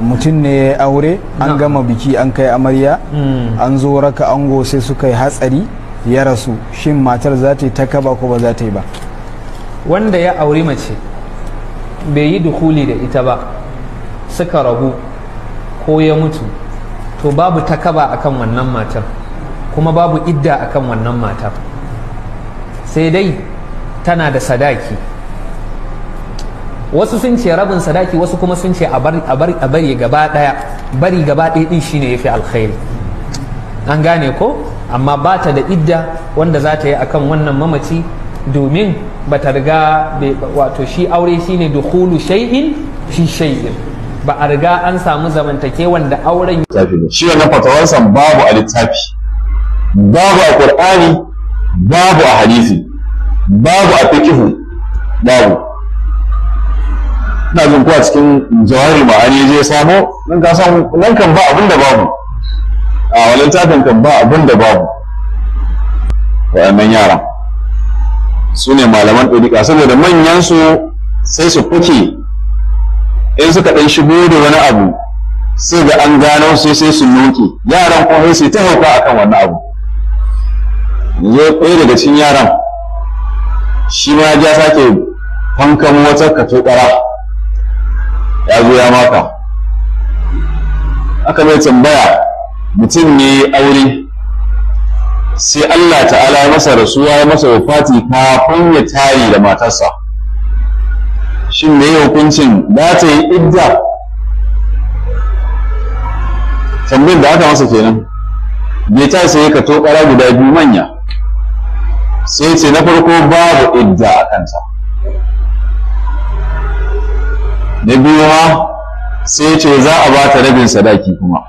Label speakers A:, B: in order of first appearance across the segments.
A: mutum ne ya aure an gama biki an kai amarya hmm. an zo raka ango sai suka yi hatsari ya rasu shin matar za ta yi ta kaba ko ba za ta yi ba
B: wanda ya auri mace bai yi dukuli da ita ba suka rabu ko ya mutu to babu takaba akan wannan matar kuma babu idda akan wannan matar sai dai tana da sadaki wasu sun ce rabin sadaki wasu kuma sun ce a bari gaba ɗaya bari gaba ɗaya ɗin shine ya fi alkhairi an gane ko amma ba ta da idda wanda za ta yi akan wannan mamaci domin ba ta riga wato shi aure shine hulu shay'in fi shay'in ba a riga an samu zamantake wanda auren
C: shi wannan fatawarsa babu a littafi babu a qur'ani babu a hadisi babu a fiqhu babu na jin kuwa cikin jawari ma'ani zai samo nan ka samu nan kan ba abin da babu a walin tafin kan ba abin da babu wa'annan yaran su ne malaman ɗoriƙa saboda manyan su sai su kuke in suka ɗan shigo da wani abu
A: sai ga an gano sai
C: sai su nuke yaran kuma sai su ta hauka akan wani abu ya ɗaya daga cikin yaran shi ma ya sake fankan wata katokara ya zo ya maka aka mai tambaya mutum ne aure sai Allah ta'ala ya masa rasuwa ya masa wufati kafin ya tayi da matarsa shin me yi hukuncin ba ta yi idda Tambayin da aka masa kenan bai ta sai ka to guda biyu manya sai ce na farko babu idda a kanta. na biyu ma sai ce za a ba ta rabin sadaki kuma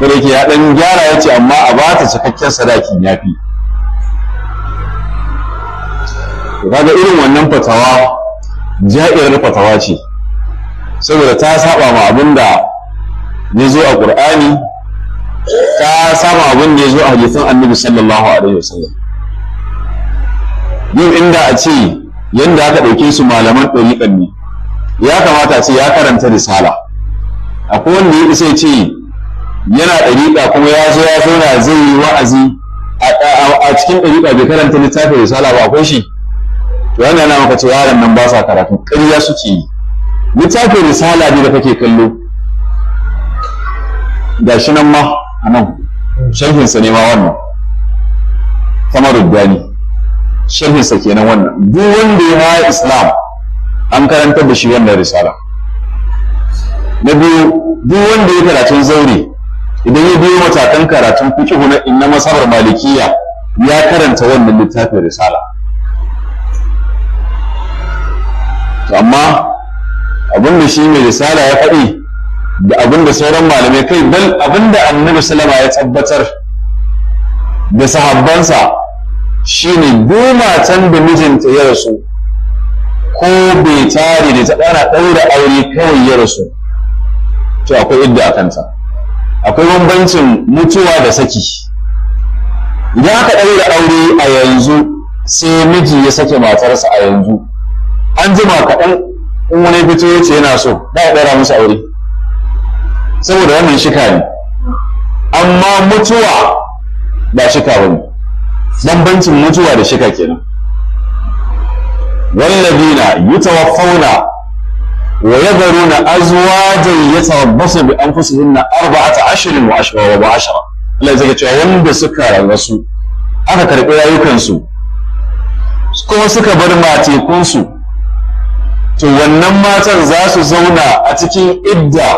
C: da ke ya ɗan gyara ya ce amma a ba ta cikakken sadakin ya fi kaga irin wannan fatawa ja'irar fatawa ce saboda ta saba ma abin da ya zo a ƙur'ani ta saba abin da ya zo a hadisin annabi sallallahu alaihi wasallam yau inda a ce yanda aka ɗauke su malaman ɗariƙan ne ya kamata ce ya karanta risala akwai wanda ya isa ce yana ɗariƙa kuma ya zo ya zauna zai yi wa'azi a cikin ɗariƙa bai karanta littafin risala ba akwai shi
A: to yana yana maka cewa yaran nan
C: ba sa karatu ƙarya suke yi littafin risala ne da kake kallo ga shi nan ma a nan sharhinsa ne ma wannan Kamar gani sharhinsa kenan wannan duk wanda ya haya islam an karantar da shi wannan risala na biyu duk wanda ya karatun zaure idan ya biyo matakan karatun in na inna malikiya ya karanta wannan littafin risala to amma abin da shi mai risala ya faɗi da abin da sauran malamai kai bal abin da annabi sallama ya tabbatar da sahabbansa shine duk matan da mijinta ya rasu ko bai tare da ta ɗana ɗaura aure kawai ya rasu to akwai idda a kanta akwai bambancin mutuwa da saki idan aka ɗaura aure a yanzu sai miji ya sake matarsa a yanzu an jima kaɗan in wani fito ya ce yana so ba a ɗaura musu aure saboda wannan shika ne amma mutuwa ba shika ba ne bambancin mutuwa da shika kenan walladina yutawaffawna wa yadharuna azwajan yatarabbasu bi anfusihinna arba'ata ashrin wa ashra wa ashra Allah zai ce wanda suka rasu aka karbi rayukansu kuma suka bar matekunsu to wannan matan za su zauna a cikin idda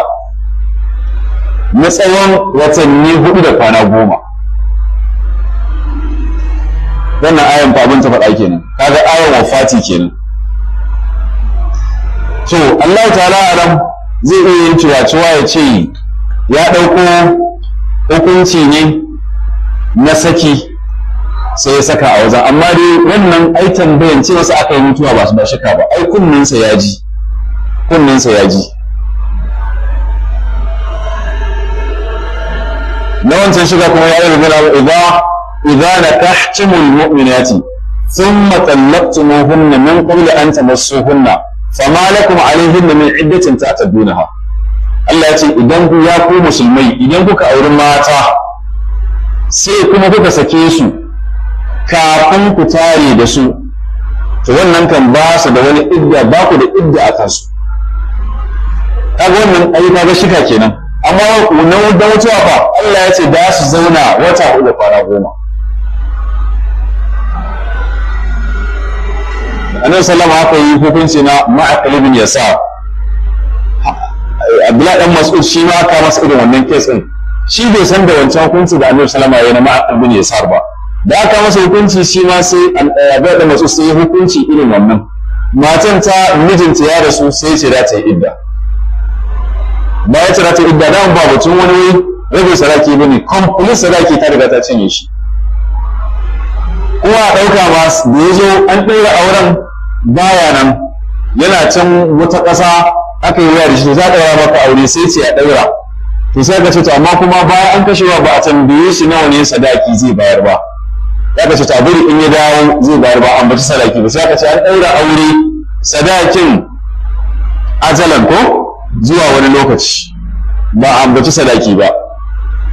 C: na tsawon watanni hudu da kwana goma wannan ayan fa abin ta faɗa kenan kaga ayan wafati kenan to Allah ta'ala alam zai iya yin ciwaciwa ya ce ya ɗauko hukunci ne na saki sai ya saka a wajen amma dai wannan ai tambayan ce wasu aka yi mutuwa ba su ba shaka ba ai kunninsa ya ji kunninsa ya ji na wancan shiga kuma ya yi rigina ba idza nakahtumul mu'minati thumma talaqtumuhunna min qabli an tamassuhunna fama lakum alaihinna min iddatin ta'tadunaha Allah ya ce idan ku ya ku musulmai idan kuka auri mata sai kuma kuka sake su kafin ku tare da su to wannan kan ba su da wani idda ba ku da idda a kansu kaga wannan ayi kaga shika kenan amma ku na wata fa Allah ya ce da su zauna wata hudu kwana goma annabi sallama aka yi hukunci na ma'aqil ibn yasa abdullahi dan mas'ud shi ma ka masa irin wannan case din shi bai san da wancan hukunci da annabi sallama ya na ma'aqil bin yasa ba da aka masa hukunci shi ma sai eh, abdullahi dan mas'ud sai hukunci irin wannan
A: matan ta mijinta ya rasu sai ce za ta yi idda
C: bayan ce za ta yi idda dan ba mutum wani rabin sadaki bane complete sadaki ta riga ta cinye shi ko a ɗauka ba da ya zo an ɗaura auren baya nan yana can wata ƙasa aka yi waya da shi za ka ɗaura maka aure sai ce a ɗaura to sai ka ce to amma kuma bayan an kashewa ba a tambaye shi nawa ne sadaki zai bayar ba
A: ya ka ce to abin in ya dawo zai bayar ba an baci sadaki ba sai ka ce an ɗaura
C: aure sadakin azalan ko zuwa wani lokaci ba an baci sadaki ba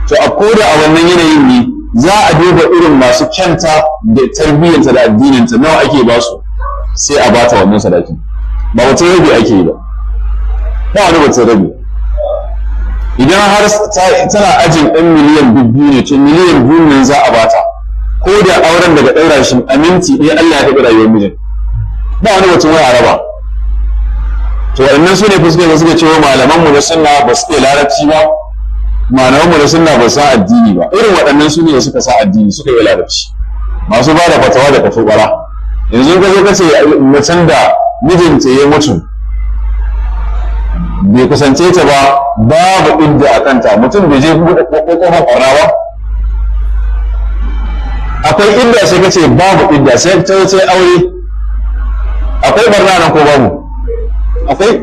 C: to a koda a wannan yanayin ne za a duba irin masu kyanta da tarbiyyanta da addininta nawa ake ba su sai a bata wannan sadaki ba wata rabi ake yi ba ba wani wata rabi idan har tana ajin ɗan miliyan biyu ne to miliyan biyu za a bata ko da auren daga ɗaurashin aminti ɗaya Allah ya taɓa rayuwar mijin ba wani wata waya raba to waɗannan su ne fuskai da suka ce wa malamanmu na sunna ba su iya larabci ba malaman mu da sunna ba sa addini ba irin waɗannan su ne suka sa addini suka yi larabci masu ba da fatawa da katubara yanzu ka zo ka ce mutum da mijinta ya mutu bai kusance ta ba babu inda a kanta mutum bai je buɗe ƙofar ƙwarna ba akwai inda sai ka ce babu inda sai ta yi aure akwai barna nan ko babu akwai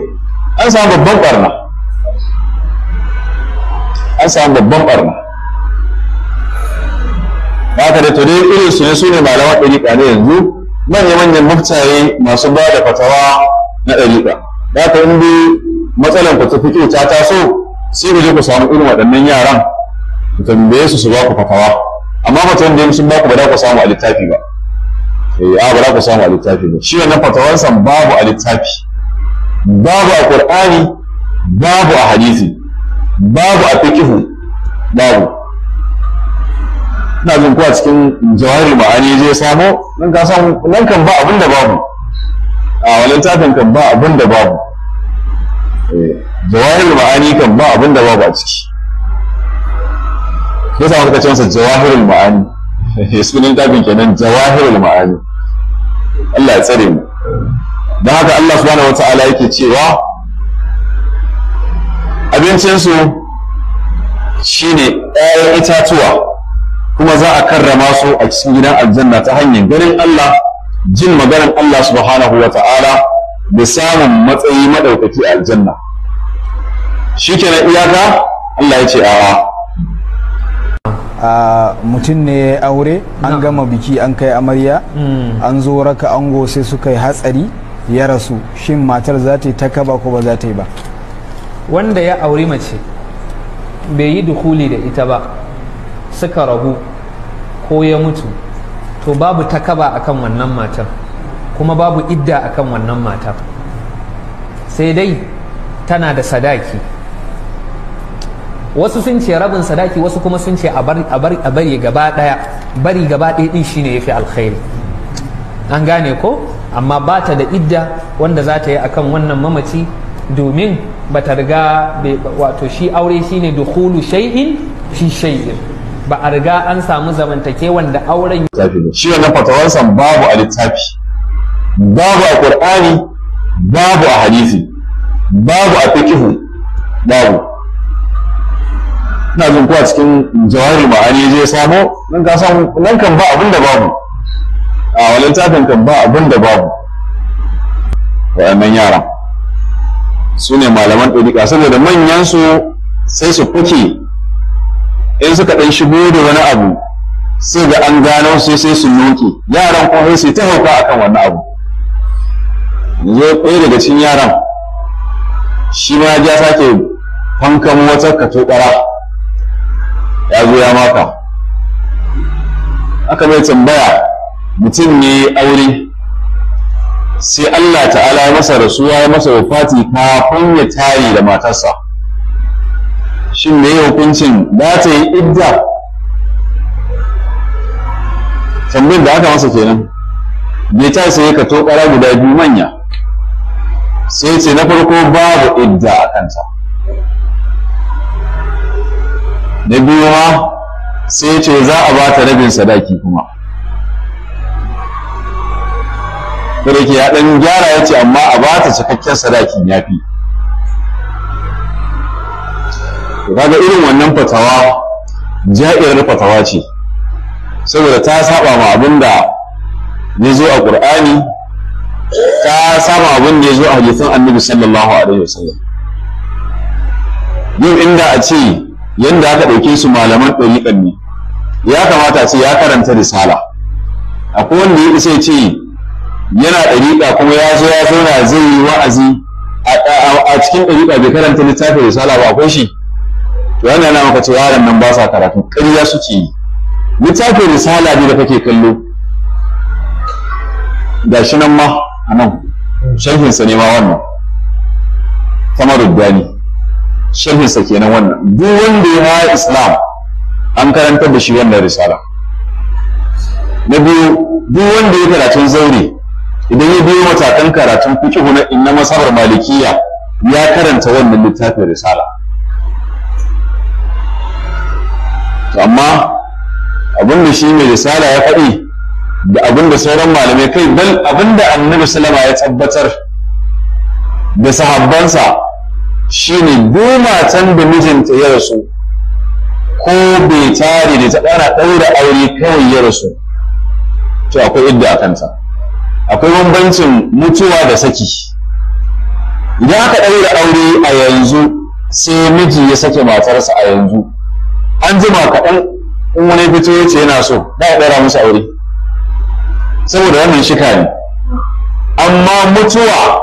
C: an samu babban barna an samu babban barna ta da tare dai irin su ne su ne malaman ɗariƙa ne yanzu manya-manyan muftaye masu ba da fatawa na ɗariƙa ba ta in dai matsalan ku ta fito ta taso sai ku je ku samu irin waɗannan yaran ku tambaye su su ba ku fatawa amma fatawan da sun ba ku ba za ku samu a littafi ba eh a ba za ku samu a littafi ba shi wannan fatawansa babu a littafi babu a Qur'ani babu a hadisi babu a fiqhu babu ina jin kuwa cikin jawari ma'ani zai samo nan ka samu nan kan ba abin da babu a wannan tafin kan ba abin da babu eh,
A: jawahiri ma'ani kan ba abin da babu
C: a ciki ya samu ka cansa jawahirin ma'ani sunan tafin kenan jawahirin ma'ani Allah ya tsare mu don haka Allah subhanahu wa ta'ala yake cewa abincinsu shine ‘ya'yan itatuwa kuma za a karrama su a cikin gidan aljanna ta hanyar ganin Allah jin maganar Allah subhanahu wa ta'ala da samun matsayi maɗaukaki a aljanna shi na iyaka Allah ya ce
A: a'a mutum ne ya aure an gama biki an kai amarya hmm. an zo raka ango sai suka yi hatsari ya rasu shin matar za ta yi ta kaba ko ba za ta yi ba
B: wanda ya auri mace bai yi dukuli da ita ba suka rabu ko ya mutu to babu takaba a kan wannan matan kuma babu idda a kan wannan matan sai dai tana da sadaki wasu sun ce rabin sadaki wasu kuma sun ce a bari gaba daya bari gaba daya din shine yafi alkhairi an gane ko amma ba ta da idda wanda za ta yi akan wannan mamaci domin ba ta riga wato shi aure shine dukhulu shay'in fi shay'in ba a riga an samu zamantake wanda auren
C: shi wannan fatawarsa babu a littafi babu a qur'ani babu a hadisi babu a fikihu babu ina jin kuwa cikin jawari ma'ani zai samo nan ka samu nan kan ba abin da babu a wani littafin kan ba abin da babu wa'annan yaran su ne malaman ɗariƙa saboda manyan su sai su kuke in suka ɗan shigo da wani abu
A: sai da an gano sai
C: sai su noke yaran kuma sai ta hauka akan wani abu yanzu ɗaya daga cin yaran shi ma ya sake fankan wata katobara ya zo ya maka aka mai tambaya mutum ne aure sai Allah ta'ala ya masa rasuwa ya masa wafati kafin ya tayi da matarsa shin me hukuncin za ta yi idda tambayar da aka masa kenan bai ta sai ka kato kara guda biyu manya sai ce na farko babu idda a kanta na biyu ma sai ce za a ba ta rabin sadaki kuma da da ke ya gyara ya ce amma a ba ta cikakken sadakin ya fi kaga irin wannan fatawa ja'irar fatawa ce saboda ta saba ma abin da ya zo a ƙur'ani ta saba abin da ya zo a hadisin annabi sallallahu alaihi wasallam yau inda a ce yadda aka ɗauke su malaman ɗauki ne ya kamata a ce ya karanta risala akwai wanda ya isa ce yana ɗariƙa kuma ya zo ya zauna zai yi wa'azi a cikin ɗariƙa bai karanta littafin risala ba akwai shi to yana yana maka cewa yaran nan ba sa karatu ƙarya suke yi littafin risala ne da kake kallo ga shi nan ma a nan sharhinsa ne ma wannan kamar rubbani sharhinsa kenan wannan duk wanda ya islam an karantar da shi wannan risala na biyu duk wanda ya karatun zaure idan ya biyo matakan karatun in na inna masabar malikiya ya karanta wannan littafin risala amma abin da shi mai risala ya faɗi da abin da sauran malamai kai bal abin da annabi salama ya tabbatar da sahabbansa shine du matan da mijinta ya rasu ko bai tare da ta ɗana ɗaura aure kawai ya rasu to akwai idda a kanta akwai bambancin mutuwa da saki idan aka ɗaura aure a yanzu sai miji ya sake matarsa a yanzu an jima kaɗan in wani fito ya ce yana so ba ya ɗaura musu aure saboda wannan shika ne amma mutuwa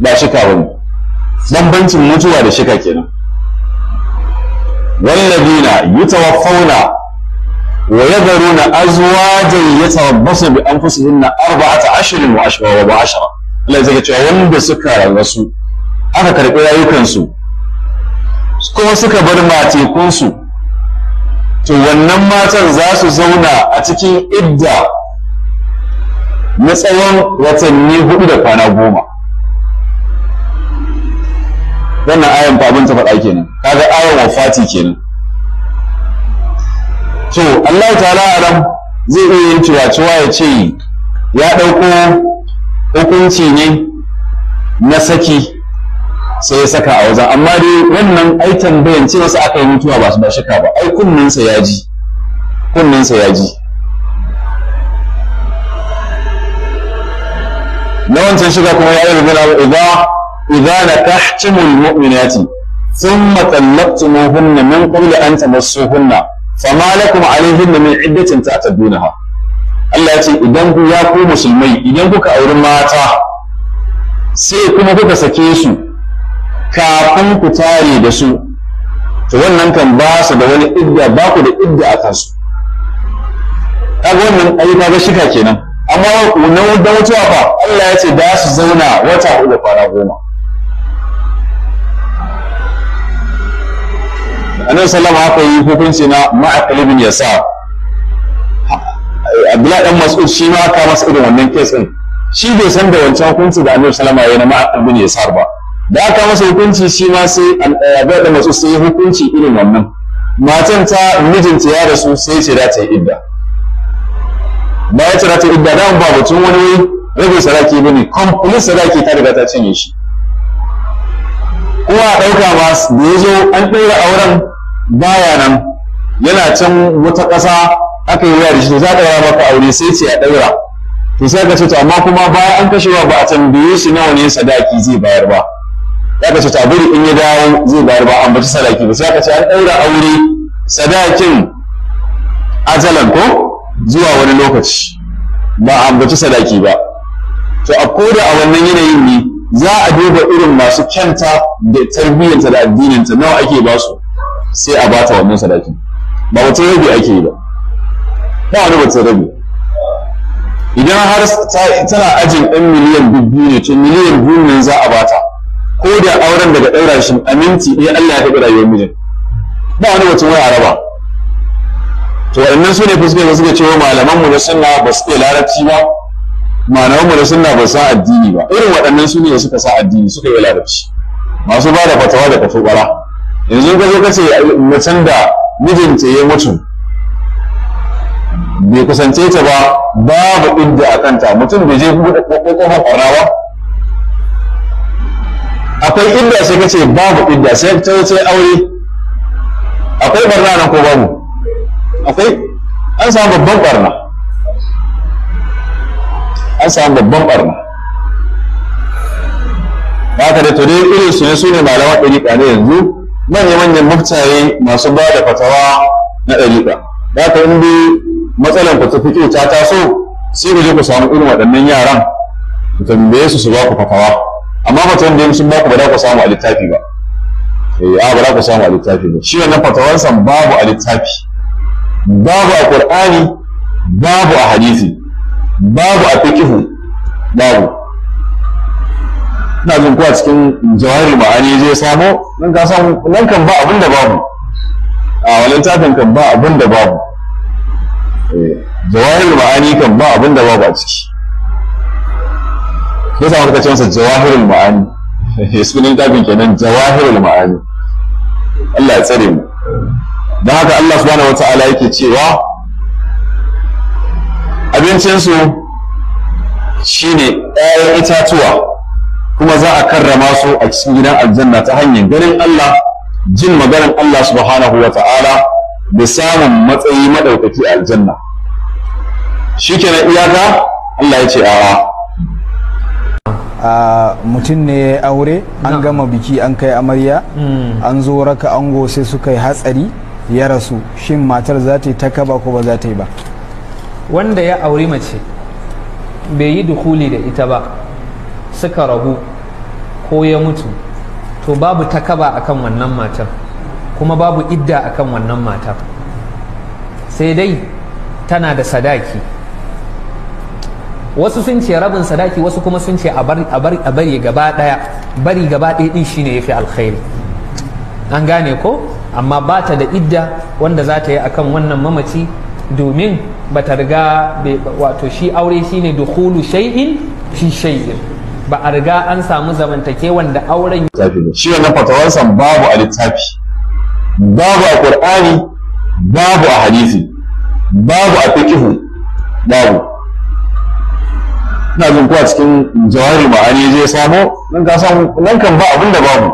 C: ba shika ba ne bambancin mutuwa da shika kenan wallazina yutawaffawna Wani ya garu na azawajen ya tambayi saboda an fi su zinna arba'in da ashirin da ashirin ko rabu ashirin. suka rasu, aka karɓi rayukansu, kuma suka bar matekunsu. Tun wannan matan za su zauna a cikin idda. Matsayin ratanni hudu da kwana goma. Yana aiyukan faminta kenan kaga ayan wafati kenan To Allah ta'ala Adam zai iya yin ciwaciwa ya ce ya ɗauko hukunci ne na saki sai ya saka a wajen amma dai wannan ai tambayan ce wasu aka yi mutuwa ba su ba shaka ba ai kunninsa ya ji kunninsa ya ji na wancan shiga kuma ya yi rigina ba idza idza la tahtimul mu'minati thumma tallaqtumuhunna min qabli an tamassuhunna fama lakum alaihin min iddatin ta tadunaha Allah ya ce idan ku ya ku musulmai idan kuka auri mata sai kuma kuka sake su kafin ku tare da su to wannan kan ba su da wani idda ba ku da idda a kansu kaga wannan ai kaga shika kenan amma na da wucewa fa Allah ya ce da su zauna wata da kwana goma annabi sallama haka yi hukunci na ma'akal ibn yasa abdullahi dan mas'ud shi ma ka masa irin wannan case din shi bai san da wancan hukunci da annabi sallama ya na ma'akal ibn yasa ba da aka masa hukunci shi ma sai eh, abdullahi dan mas'ud sai hukunci irin wannan matan ta mijinta ya rasu sai ce za ta yi idda ba ya ce za ta yi idda da ba mutum wani rage saraki ne complete saraki ta riga ta cinye shi kuma a ɗauka ba da ya zo an ɗaura auren baya nan yana can wata ƙasa aka yi waya shi to za a ɗaura maka aure sai ce a ɗaura to sai ka ce to amma kuma bayan an kashewa ba a tambaye shi nawa ne sadaki zai bayar ba ya ka ce to abin in ya dawo zai bayar ba an baci sadaki ba sai ka ce an ɗaura aure sadakin ajalan ko zuwa wani lokaci ba an baci sadaki ba to a koda a wannan yanayin ne za a duba irin masu kyanta da tarbiyyanta da addininta nawa ake ba su sai a bata wannan sadaki ba wata rabi ake yi ba ba wani wata rabi idan har tana ajin ɗan miliyan dubu ne ce miliyan dubu ne za a bata ko da auren daga ɗaura shi aminti ɗaya Allah ya taɓa rayuwar mijin ba wani wata wai a raba to waɗannan su ne fuskar ba suka ce wa malaman mu da sunna ba su iya larabci ba malaman mu da sunna ba sa addini ba irin waɗannan su ne suka sa addini suka yi larabci masu ba da fatawa da kafin bara yanzu ka zo kace mutum da mijinta ya mutu bai kusance ta ba babu inda a kanta mutum bai je buɗe ƙofar ƙwarna ba akwai inda sai kace babu inda sai ta wuce aure akwai barna nan ko babu akwai an samu babban barna an samu babban barna ba ka da to dai irin su ne su ne malaman ɗari ne yanzu manya-manyan muftaye masu ba da fatawa na ɗalika ba haka in dai matsalan ku ta fito ta taso sai ku je ku samu irin waɗannan yaran ku tambaye su su ba ku fatawa amma ta da sun ba ku ba za ku samu a littafi ba eh a ba za ku samu a littafi ba shi wannan san babu a littafi babu a qur'ani babu a hadisi babu a fiqhu babu ina jin kuwa cikin jawahari ma'ani zai samo nan ka samu nan kan ba abin da babu a wannan tafin kan ba abin da babu eh, jawahari ma'ani kan ba abin da babu a ciki ya samu ka cewa jawahirul ma'ani sunan tafin kenan jawahirul ma'ani Allah ya tsare mu don haka Allah subhanahu wa ta'ala yake cewa abincinsu shine 'ya'yan itatuwa kuma za a karrama su a cikin gidan aljanna ta hanyar ganin Allah jin maganar Allah subhanahu wa ta'ala da samun matsayi madaukaki a aljanna shikenan iyaka Allah ya ce a'a
A: Uh, mutum ne ya aure an gama biki an kai amarya hmm. an zo raka ango sai suka yi hatsari ya rasu shin matar za ta yi ta kaba ko ba za ta yi ba
B: wanda ya auri mace bai yi dukuli da ita ba suka rabu ko ya mutu to babu takaba a kan wannan matan kuma babu idda a kan wannan matan sai dai tana da sadaki wasu sun ce rabin sadaki wasu kuma sun ce a bari gaba daya bari gaba daya din shine fi alkhairi an gane ko amma ba ta da idda wanda za ta yi akan wannan mamaci domin ba ta riga wato shi aure shine hulu shay'in fi shay'in ba a riga an samu zamantake wanda
C: auren shi wannan fatawarsa babu a littafi babu a qur'ani babu a hadisi babu a fikihu, babu ina jin kuwa cikin jawari ma'ani zai samo nan ka samu nan kan ba abin da babu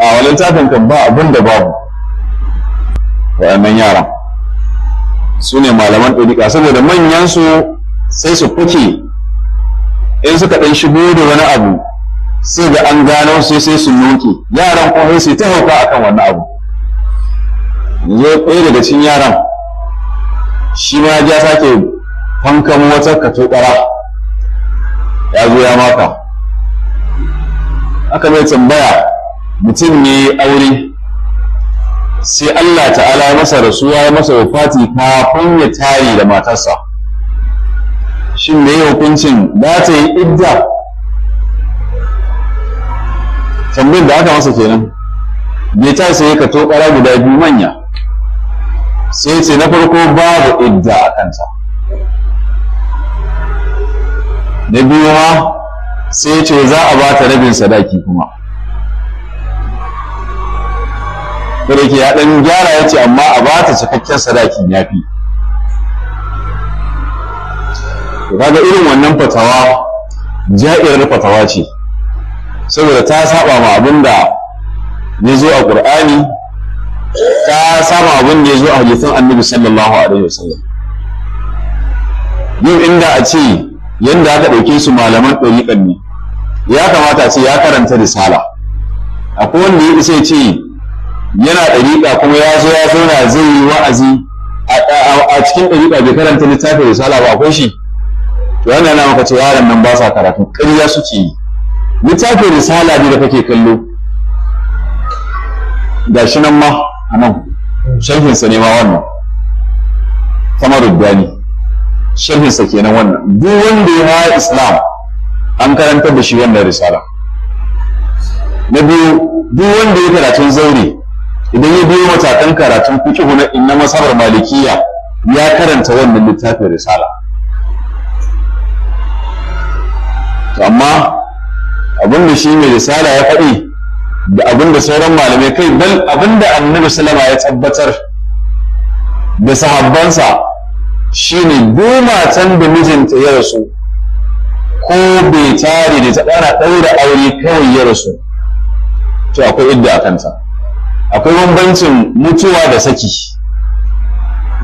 C: a walin tafin kan ba abin da babu wa'annan yara su ne malaman ɗaukaka saboda manyansu sai su fuke in suka ɗan shigo da wani abu
A: sai ga an gano
C: sai sai su noke yaran kuma sai ta hauka akan wani abu ya ɗaya daga cikin yaran shi ma ya sake fankan wata katobara ya zo ya maka aka mai tambaya mutum ne aure sai Allah ta'ala masa rasuwa masa wafati kafin ya tare da matarsa shin me hukuncin ba ta yi idda tambayar da aka masa kenan bai ta sai ka to guda biyu manya sai ce na farko babu idda a kanta na biyu ma sai ce za a ba ta rabin sadaki kuma Kirki ya ɗan gyara ya ce amma a ba ta cikakken sadakin ya fi kaga irin wannan fatawa ja'irar fatawa ce saboda ta saba ma abin da ya zo a ƙur'ani ta saba abin da ya zo a hadisan annabi sallallahu alaihi wasallam yau inda a ce yanda aka ɗauke su malaman ɗariƙan ne ya kamata ce ya karanta risala akwai wanda ya isa ce yana ɗariƙa kuma ya zo ya zauna zai yi wa'azi a cikin ɗariƙa bai karanta littafin risala ba akwai shi to wannan yana maka ce yaran nan ba sa karatu ƙarya suke yi littafin risala ne da kake kallo ga shi nan ma a nan sharhinsa ne ma wannan kamar rubani sharhinsa kenan wannan duk wanda ya haya islam an karantar da shi wannan risala na biyu duk wanda ya karatun zaure idan ya biyo matakan karatun fiqhu na inna masabar malikiya ya karanta wannan littafin risala amma abinda shi mai risala ya faɗi da abinda sauran malamai kai bal abinda annabi salama ya tabbatar da sahabbansa shine duk matan da mijinta ya rasu ko bai tare da ta ɗaura aure kawai ya rasu to akwai idda a kanta akwai bambancin mutuwa da saki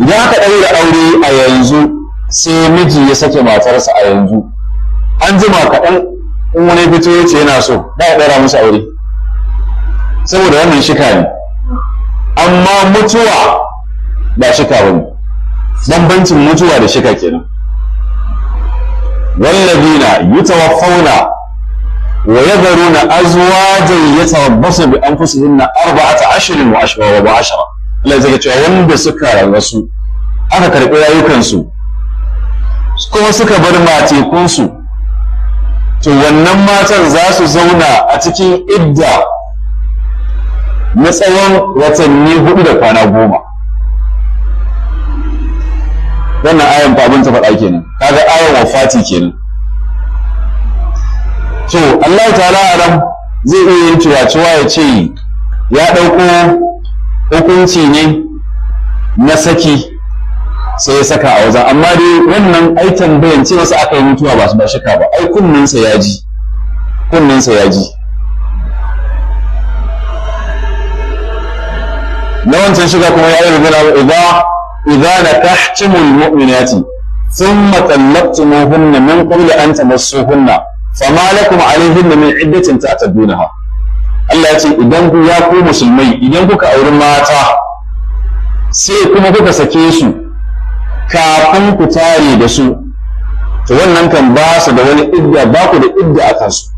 C: idan aka ɗaura aure a yanzu sai miji ya sake matarsa a yanzu an jima kaɗan in wani fito ya ce yana so ba a ɗora musu aure saboda wannan shika ne amma mutuwa ba shika ba ne bambancin mutuwa da shika kenan wallazina yutawaffawna wa yadharuna azwajan yatarabbasu bi anfusihinna arba'ata ashrin wa ashra wa ashra Allah zai cewa wanda suka rasu aka karɓi rayukansu kuma suka bar matekunsu to wannan matan za su zauna a cikin idda na tsawon watanni hudu da kwana goma wannan ayan fa ta faɗa kenan kaga ayan wafati kenan to Allah ta'ala alam zai iya yin ciwaciwa ya ce ya ɗauko hukunci ne na saki sai ya saka a wajen amma dai wannan ai tambayan ce masa aka yi mutuwa ba su ba shaka ba ai kunninsa ya ji kunninsa ya ji na wancan shiga kuma ya yi rigina ba idza ka nakahtumul mu'minati thumma tallaqtumuhunna min qabli an tamassuhunna fama lakum alayhinna min iddatin ta'tadunaha Allah ya ce idan ku ya ku musulmai idan kuka auri mata sai kuma kuka sake su kafin ku tare da su to wannan kan ba su da wani idda ba ku da idda a kansu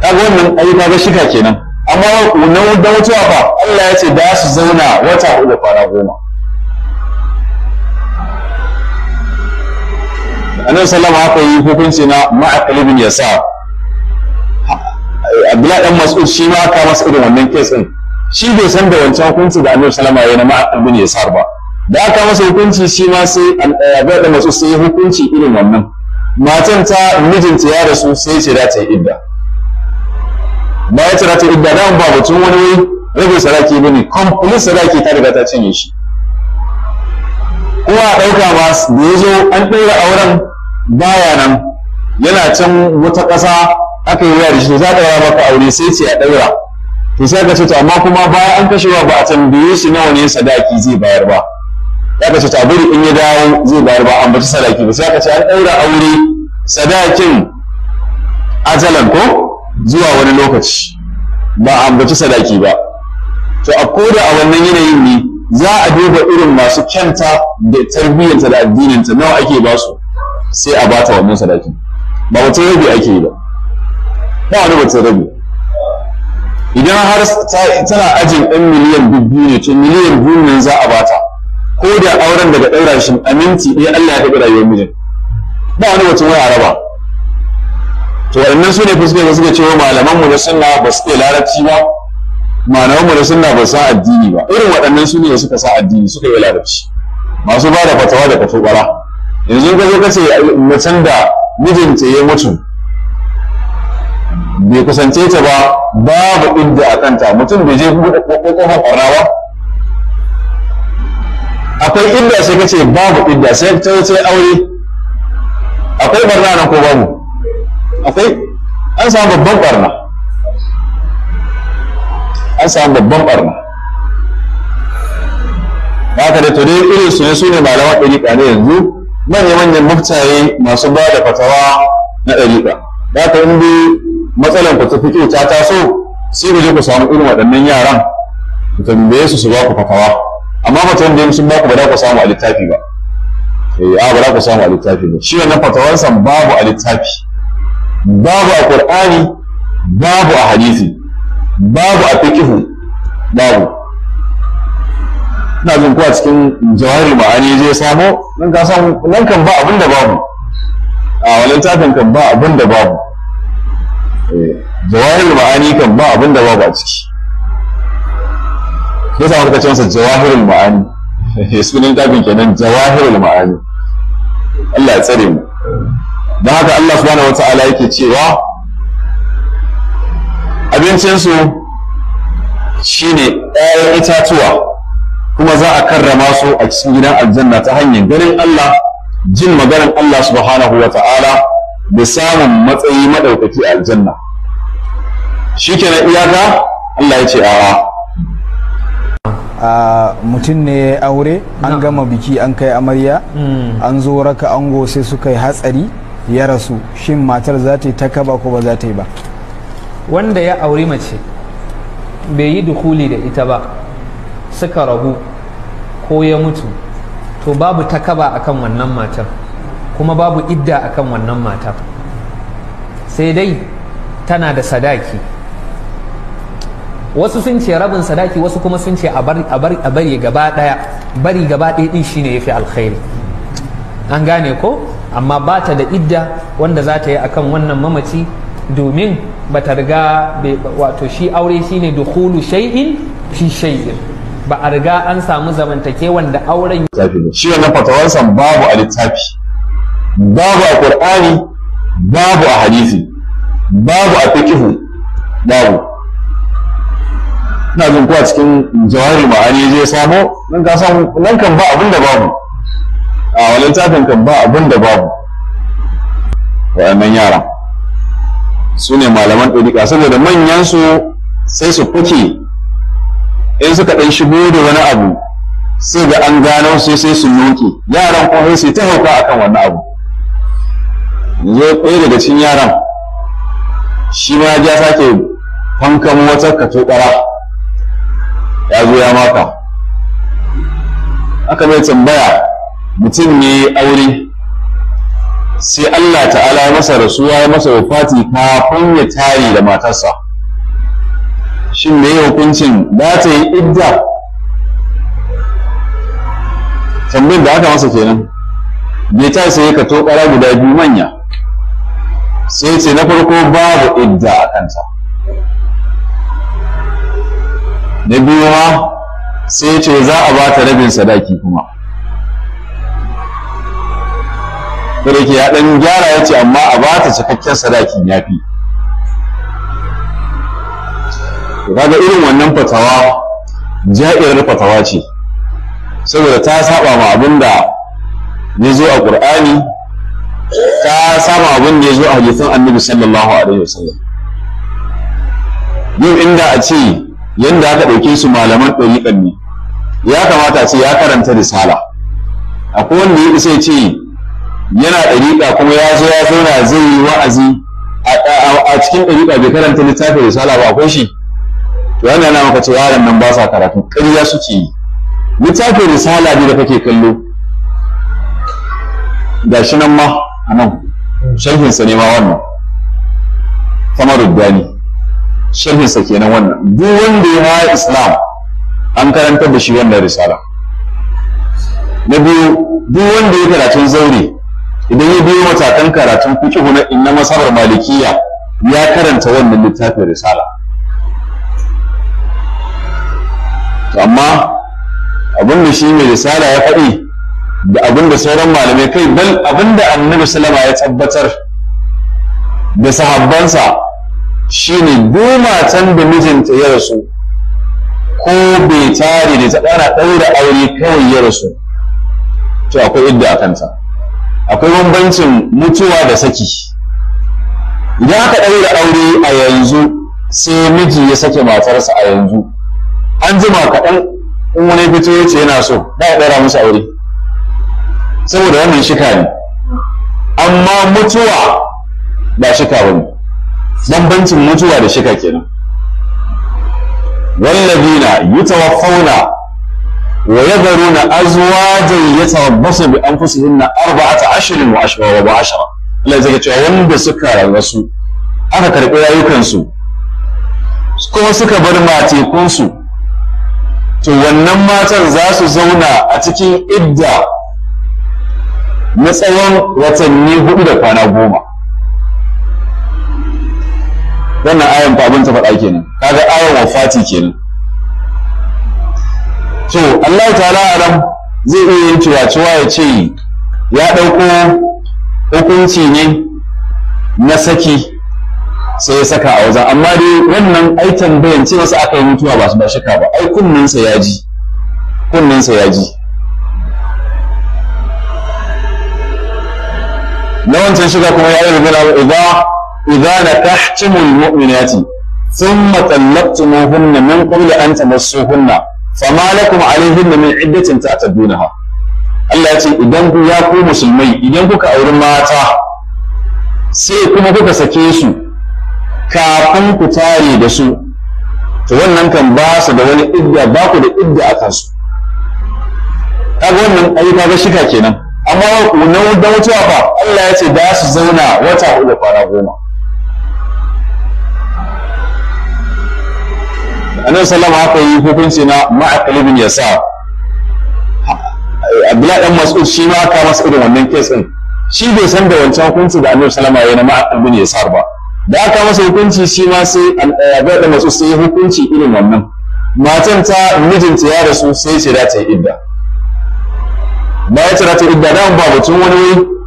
C: kaga wannan ayyuka ga shika kenan amma na da mutuwa ba, Allah ya ce da su zauna wata uku da kwana goma annabi sallama haka yi hukunci na ma'aqil ibn yasa Abdullahi dan Mas'ud shi ma ka masa irin wannan kes din shi bai san da wancan hukunci da annabi sallama ya yi na ma'aqil ibn yasar ba da aka masa hukunci shi ma sai eh, al'ayyar da masu sai hukunci irin wannan matan ta mijinta ya rasu sai ce za ta yi idda ba ya cira ta idda da ba batun wani wai rage saraki bane complete saraki ta riga ta cinye shi kuma a ɗauka ma da ya zo an ɗaura auren baya nan yana can wata ƙasa aka yi waya shi za a ɗaura maka aure sai ce a ɗaura to sai ka ce to amma kuma baya an kashewa ba a tambaye shi nawa ne sadaki zai bayar ba ya kace ta guri in ya dawo zai bayar ba ambaci sadaki ba sai aka ce an ɗaura aure sadakin azalan ko zuwa wani lokaci ba ambaci sadaki ba to a koda a wannan yanayin ne za a duba irin masu kyanta da tarbiyyanta da addininta nawa ake ba su sai a bata wannan sadaki ba wata rabi ake yi ba ba wani wata rabi idan har tana ajin ɗan miliyan biyu ne to miliyan biyu ne za a bata ko da auren daga ɗaura shi aminci ɗaya Allah ya taɓa rayuwar mijin ba wani mutum wai raba. to waɗannan su ne fuskar da suka cewa wa malaman mu da sunna ba su iya larabci ba malaman mu da sunna ba sa addini ba irin waɗannan su ne suka sa addini suka yi larabci masu ba da fatawa da katobara yanzu ka zo ka ce macen da mijinta ya mutu bai kusance ta ba babu inda a kanta mutum bai je buɗe ƙofar ƙwarna ba akwai inda sai ka ce babu inda sai ta sai aure akwai barna nan ko babu akwai an samu babban barna an samu babban barna ka da to dai irin su ne su ne malaman ɗariƙa ne yanzu manyan manyan muftaye masu ba da fatawa na ɗariƙa ba ka in dai matsalar ku ta fi ta taso sai ku je ku samu irin waɗannan yaran ku tambaye su su ba ku fatawa amma fata wanda sun baku ba za ku samu a littafi ba eh a ba za ku samu a littafi ba shi wannan fatawansa babu a littafi babu a qur'ani babu a hadisi babu a fiqhu babu ina jin ko a cikin jawari ma'ani zai samo nan ka samu nan kan ba abin da babu a wannan littafin kan ba abin da babu eh, jawari ma'ani kan ba abin da babu a ciki ya sa ka ce masa jawahirul ma'ani sunan kafin kenan jawahirul ma'ani Allah ya tsare mu don haka Allah subhanahu wata'ala yake cewa abincinsu shine 'ya'yan itatuwa kuma za a karrama su a cikin gidan aljanna ta hanyar ganin Allah jin maganar Allah subhanahu wata'ala da samun matsayi maɗaukaki a aljanna kenan iyaka Allah ya ce a'a
A: mutum ne ya aure an gama biki an kai amarya hmm. an zo raka ango sai suka yi hatsari ya rasu shin matar za ta yi ta kaba ko ba za ta yi ba
B: wanda ya auri mace bai yi dukuli da ita ba suka rabu ko ya mutu to babu takaba akan wannan matar kuma babu idda akan wannan matar sai dai tana da sadaki wasu sun ce rabin sadaki wasu kuma sun ce a bari gaba ɗaya bari gaba ɗaya ɗin shine yafi alkhairi an gane ko amma ba ta da idda wanda za ta yi akan wannan mamaci domin ba ta riga wato shi aure shine dukhulu shay'in fi shay'in ba a riga an samu zamantake wanda auren
C: shi wannan fatawarsa babu a littafi babu a qur'ani babu a hadisi babu a fiqhu babu ina jin kuwa cikin jawari ma'ani je samo nan ka samu nan kan ba abin da babu a walin tafin kan ba abin da babu waɗannan yara su ne malaman ɗoriƙa saboda manyansu sai su fuke in suka ɗan shigo da wani abu sai ga an gano sai sai su nuke yaran kuma sai su ta hauka akan wannan abu yanzu ɗaya daga cikin yaran shi ma ya sake fankan wata kato ƙara ya zo ya maka aka mai tambaya mutum ne aure sai Allah ta'ala masa rasuwa ya masa wufati kafin ya tayi da matarsa shin me hukuncin ba ta yi idda Tambayin da aka masa kenan bai ta sai ka to guda biyu manya sai ce na farko babu idda a kanta na biyu ma sai ce za a ba ta rabin sadaki kuma da ke ya ɗan gyara ya ce amma a ba ta cikakken sadakin ya fi kaga irin wannan fatawa ja'irar fatawa ce saboda ta saba ma abin da ya zo a ƙur'ani ta saba abin da ya zo a hadisin annabi sallallahu alaihi wasallam yau inda a ce yadda aka ɗauke su malaman ɗariƙan ne ya kamata ce ya karanta risala akwai wanda ya isa ce yana ɗariƙa kuma ya zo ya zauna zai yi wa'azi a cikin ɗariƙa bai karanta littafin risala ba akwai shi to yana yana maka cewa yaran nan ba sa karatu ƙarya suke yi littafin risala ne da kake kallo ga shi nan ma a nan sharhinsa ne ma wannan kamar rubbani sharhinsa kenan wannan duk wanda ya haya islam an karantar da shi wannan risala na biyu duk wanda ya karatun zaure idan ya biyo matakan karatun kuki na inna masabar malikiya ya karanta wannan littafin risala amma abin da shi mai risala ya faɗi da abin da sauran malamai kai bal abin da annabi sallama ya tabbatar da sahabbansa shine gumatan da mijinta ya rasu ko bai tare da ta ɗana ɗaura aure kawai ya rasu to akwai idda a kanta akwai bambancin mutuwa da saki idan aka ɗaura aure a yanzu sai miji ya sake matarsa a yanzu an jima kaɗan in wani fito ya yana so ba ya ɗaura musu aure saboda wannan shika ne amma mutuwa ba shika ba ne bambancin mutuwa da shika kenan wallazina yatawaffawna wa yadharuna azwajan yatarabbasu bi anfusihim arba'ata ashrin wa ashra wa ashra Allah zai cewa wanda suka rasu aka karɓi rayukansu kuma suka bar matekunsu to wannan matan za su zauna a cikin idda na tsawon watanni hudu da kwana goma wannan ayan fa abin ta faɗa kenan kaga ayan wafati kenan To Allah ta'ala alam zai iya yin ciwa ya ce ya ɗauko hukunci ne na saki sai ya saka a wajen amma dai wannan aitan tambayan ce aka yi mutuwa ba su ba shaka ba ai kunninsa ya ji kunninsa ya ji na wancan shiga kuma ya yi rigina ba idza nakahtumul mu'minati thumma talaqtumuhunna min qabli an tamassuhunna fama lakum alaihinna min iddatin ta'tadunaha Allah ya ce idan ku ya ku musulmai idan kuka auri mata sai kuma kuka sake su kafin ku tare da su to wannan kan ba su da wani idda ba ku da idda a kansu kaga wannan ayyuka ga shika kenan amma wannan wuta fa Allah ya ce da su zauna wata uku kwana goma
A: annabi sallama haka yi hukunci na ma'aqil ya sa
C: abdullahi dan mas'ud shi ma aka masa irin wannan kes din shi bai san da wancan hukunci da annabi sallama ya na ma'aqil ya sa ba da aka masa hukunci shi ma sai abdullahi dan mas'ud sai hukunci irin wannan matan ta mijinta ya rasu sai ce za ta yi idda ba ya ce za ta yi idda da ba mutum wani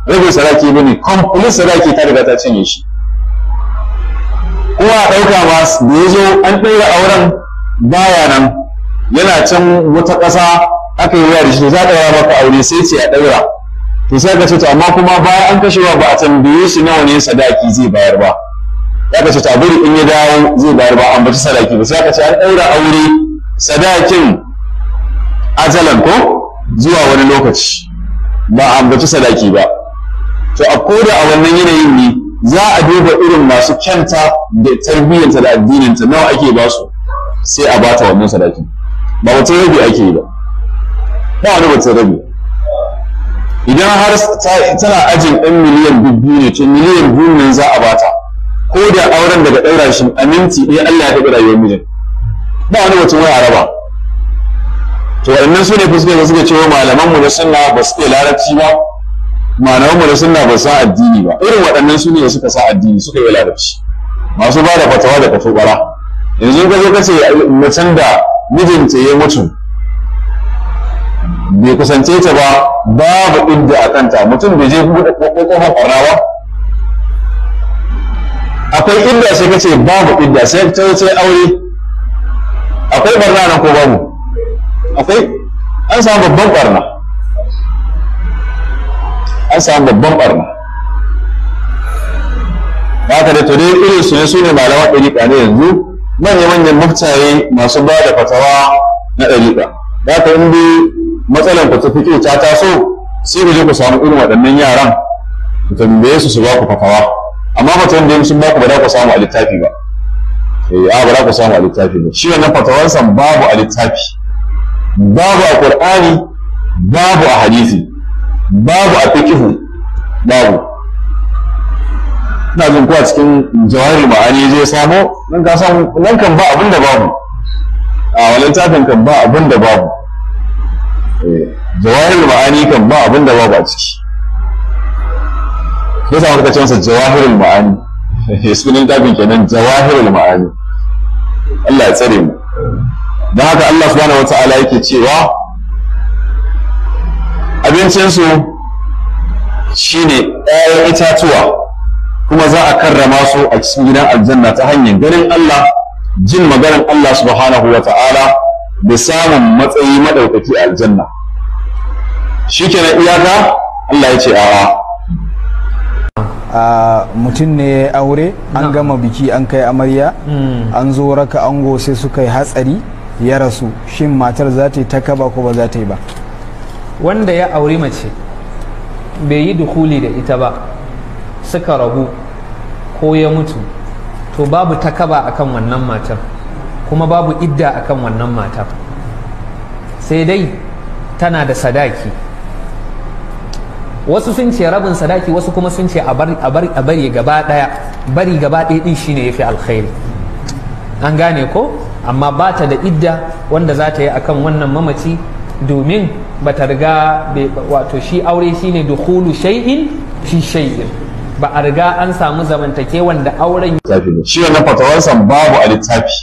C: wuri rage sadaki bane complete sadaki ta riga ta cinye shi kuma a ɗauka da ya zo an ɗaura auren baya nan yana can wata ƙasa aka yi waya shi za ka ɗaura maka aure sai ce a ɗaura to sai ka ce amma kuma baya an kashewa ba a tambaye shi nawa ne sadaki zai bayar ba
A: ya ka ce to in ya dawo
C: zai bayar ba an baci sadaki ba sai ka ce an ɗaura aure sadakin ajalan ko zuwa wani lokaci ba an baci sadaki ba to a koda a wannan yanayin ne za a duba irin masu kyanta da tarbiyyanta da addininta nawa ake ba su sai a bata wannan sadaki ba mutum rabi ake yi ba ba wani mutum rabi idan har tana ajin ɗan miliyan dubu ne ce miliyan biyu nan za a bata ko da auren daga ɗaura shi a minti ɗaya Allah ya taɓa rayuwar mijin ba wani mutum wai a raba to waɗannan su ne fuskar suke cewa malaman mu da sunna ba su iya larabci ba malaman mu da sunna ba su addini ba irin waɗannan su ne suka sa addini suka yi larabci masu ba da fatawa da fatobara yanzu ka zo kace macen da mijinta ya mutu bai kusance ta ba babu inda a kanta mutum bai je buɗe kofar ƙwarna ba akwai inda sai kace babu inda sai ta wuce aure akwai barna nan ko babu akwai an samu babban barna an samu babban barna haka da to dai irin su ne su ne malaman ɗari ɗari yanzu manya-manyan muftaye masu ba da fatawa na ɗalika za ka yi dai matsalar ku ta fito ta taso sai ku je ku samu irin waɗannan yaran ku tambaye su su ba ku fatawa amma ba tambaye sun ba ku ba za ku samu a littafi ba eh a ba za ku samu a littafi ba shi wannan san babu a littafi babu a qur'ani babu a hadisi babu a fiqhu babu ina jin kuwa cikin jawahir ma'ani zai samo nan ka san nan kan ba abin da babu a wani tafin kan ba abin da babu eh, jawahir ma'ani kan ba abin da babu a ciki ya samu ka cewa jawahirul ma'ani sunan tafin kenan jawahirul ma'ani Allah ya tsare mu don haka Allah subhanahu wata'ala yake cewa abincinsu shine 'ya'yan itatuwa kuma za a karrama su a cikin gidan aljanna ta hanyar ganin Allah jin maganar Allah subhanahu wa ta'ala da samun matsayi madaukaki a aljanna shi shikenan iyaka Allah ya ce a'a
A: a mutum ne aure an gama biki an kai amarya hmm. an zo raka ango sai suka yi hatsari ya rasu shin matar za ta yi ta kaba ko ba za ta yi ba
B: wanda ya aure mace bai yi dukuli da ita ba suka rabu ko ya mutu to babu takaba a kan wannan matar kuma babu idda a kan wannan matar sai dai tana da sadaki wasu sun ce rabin sadaki wasu kuma sun ce a bari gaba daya bari gaba ɗaya din shine fi alkhairi an gane ko amma ba ta da idda wanda za ta yi a kan wannan mamaci domin ba ta riga wato shi aure shine da shay'in fi shay'in ba a riga an samu zamantake wanda auren
C: yi. shi wannan fatawarsa babu a littafi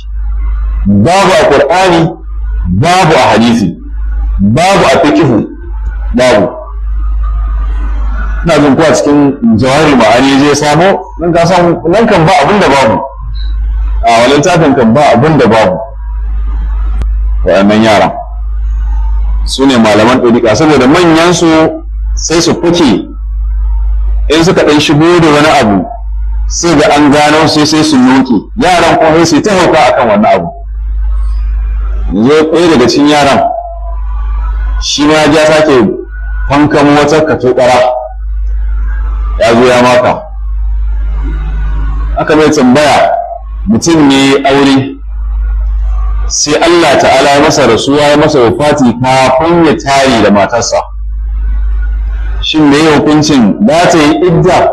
C: babu a qur'ani babu a hadisi babu a fikihu, babu ina jin kuwa cikin jawari ma'ani je samo nan ka samu nan kan ba abin da babu a wani littafin kan ba abin da babu waɗannan yara su ne malaman ɗoriƙa saboda manyansu sai su fuke in suka ɗan shigo da wani abu
A: sai ga an gano
C: sai sai su noke yaran kuma sai ta hauka akan wani abu ya ɗaya daga cikin yaran shi ma ya sake fankan wata katokara ya zo ya maka aka mai tambaya mutum ne aure sai Allah ta'ala masa rasuwa masa wufati kafin ya tare da matarsa shin me hukuncin ba ta yi idda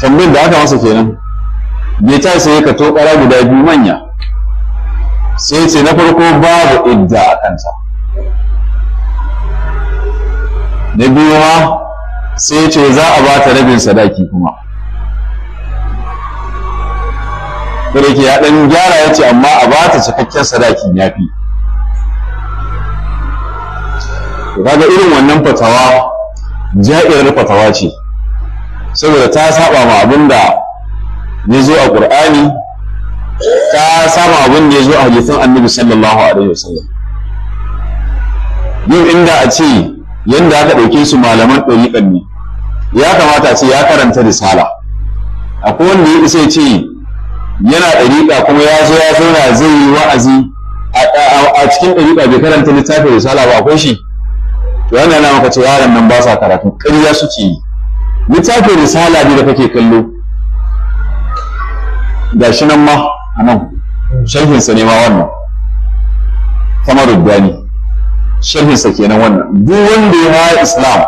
C: tambayar da aka masa kenan bai ta sai ka to ƙara guda biyu manya sai ce na farko babu idda a kansa na biyu ma sai ce za a ba ta rabin sadaki kuma da ke ya ɗan gyara ya ce amma a ba ta cikakken sadakin ya fi kaga irin wannan fatawa ja'irar fatawa ce saboda ta saba ma abin da ya zo a ƙur'ani ta saba abin da ya zo a hadisin annabi sallallahu alaihi wasallam yau inda a ce yanda aka ɗauke su malaman ɗariƙan ne ya kamata a ce ya karanta risala akwai wanda ya isa ce yana ɗariƙa kuma ya zo ya zauna zai yi wa'azi a cikin ɗariƙa bai karanta littafin risala ba akwai shi
A: to yana na maka ce yaran nan ba
C: sa karatu ƙarya suke yi littafin risala ne da kake kallo ga shi nan ma a nan sharhinsa ne ma wannan kamar rubani sharhinsa kenan wannan duk wanda ya haya islam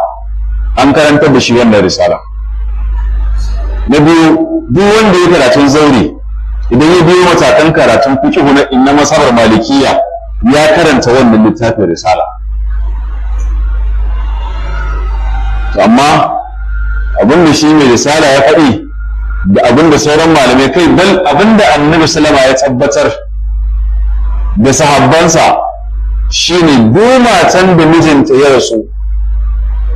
C: an karantar da shi wannan risala na biyu duk wanda ya karatun zaure idan ya biyo matakan karatun fiqh na inna masarar malikiya ya karanta wannan littafin risala amma abin da shi mai risala ya faɗi da abin da sauran malamai kai bal abin da annabi salama ya tabbatar da sahabbansa shine matan da mijinta ya rasu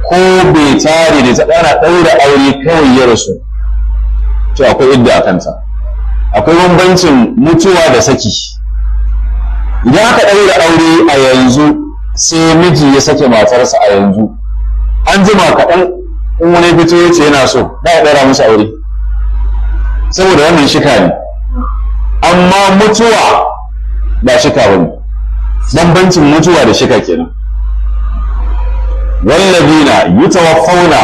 C: ko bai tare da ta ɗana ɗaura aure kawai ya rasu to akwai idda a kanta akwai bambancin mutuwa da saki idan aka ɗaura aure a yanzu sai miji ya sake matarsa a yanzu an jima kaɗan in wani fito ya ce yana so ba ya ɗara musu aure saboda wannan shika ne amma mutuwa ba shika ba ne bambancin mutuwa da shika kenan wallabina yutawaffawna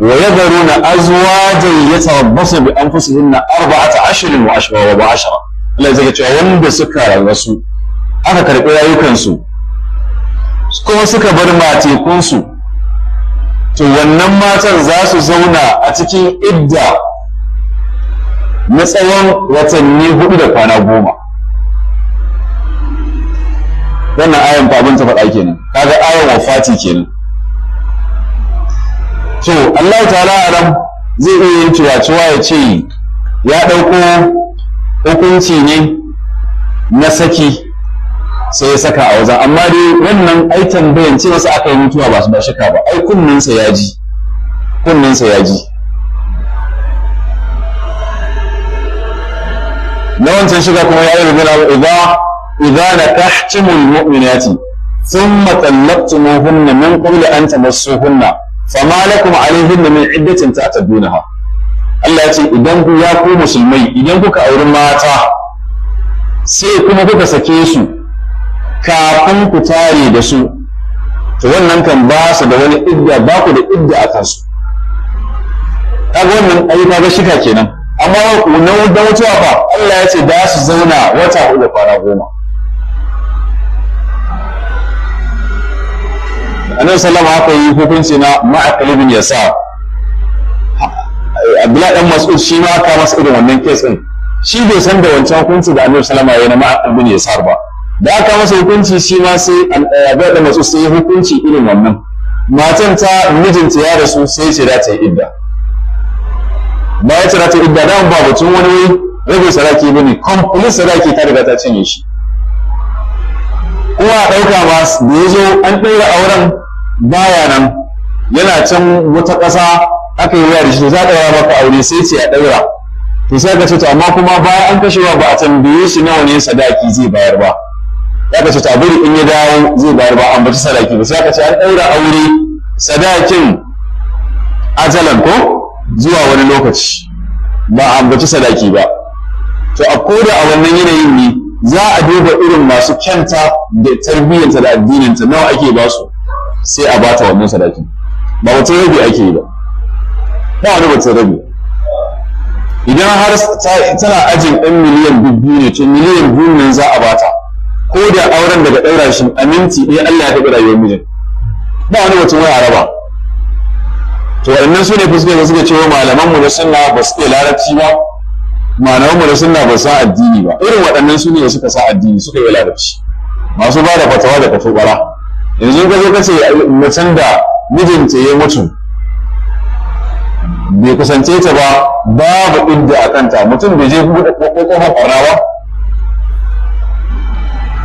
C: wa yadharuna azwajan yatarabbasu bi anfusihinna arba'ata ashrin wa ashra wa ashra Allah zai cewa wanda suka rasu aka karɓi rayukansu kuma suka bar matekunsu to wannan matan za su zauna a cikin idda na tsawon watanni hudu da kwana goma wannan ayan abin ta faɗa kenan kaga ayan wafati kenan to Allah ta'ala aram zai iya yin cewa ya ce ya ɗauko hukunci ne na saki sai ya saka a wajen amma dai wannan ai tambayan ce masa aka yi mutuwa ba su ba shaka ba ai kunninsa ya ji kunninsa ya ji na wancan shiga kuma ya yi ba idza idza nakahtumul almu'minati thumma tallaqtumuhunna min qabli an tamassuhunna fama lakum alayhinna min iddatin ta'tadunaha Allah ya ce idan ku ya ku musulmai idan kuka auri mata sai kuma kuka sake su kafin ku tare da su to wannan kan ba su da wani idda ba ku da idda a kansu kaga wannan ai ga shika kenan amma wannan da wucewa ba, Allah ya ce da su zauna wata uku da kwana goma annabi sallama haka yi hukunci na ma'aqil ya yasa Abdullahi dan Mas'ud shi ma ka masa irin wannan kes din shi bai san da wancan hukunci da annabi sallama ya na ma'aqil bin ba da aka masa hukunci shi ma sai ga da masu sai hukunci irin wannan
A: matan ta mijinta ya rasu sai ce za ta yi idda
C: Ba ya za ta yi idda dan ba mutum wani rage rabin sadaki bane complete sadaki ta riga ta cinye shi kuma a ɗauka ba da ya zo an ɗaura auren baya nan yana can wata ƙasa aka yi waya shi za a ɗaura maka aure sai ce a ɗaura to sai ka ce to amma kuma baya an kashewa ba a tambaye shi nawa ne sadaki zai bayar ba ya kace taburi in ya dawo zai bayar ba an bata sadaki ba sai aka ce an daura aure sadakin ajalan ko zuwa wani lokaci ba an bata sadaki ba to a koda a wannan yanayin ne za a duba irin masu kyanta da tarbiyyanta da addininta nawa ake ba su sai a ba ta wannan sadaki ba wata rabi ake yi ba ba wani wata rabi idan har tana ajin ɗan miliyan dubu ne to miliyan biyu ne za a ba ta. ko da auren daga ɗaura shi aminci ɗaya Allah ya taɓa rayuwar mijin ba wani mutum wai a raba to waɗannan su ne fuskar suke cewa malaman mu na sunna ba su iya larabci ba malaman mu na sunna ba sa addini ba irin waɗannan su ne suka sa addini suka yi larabci masu ba da fatawa da katobara yanzu ka zo kace mutum da mijinta ya mutu bai kusance ta ba babu inda a kanta mutum bai je buɗe ƙofar ƙwarna ba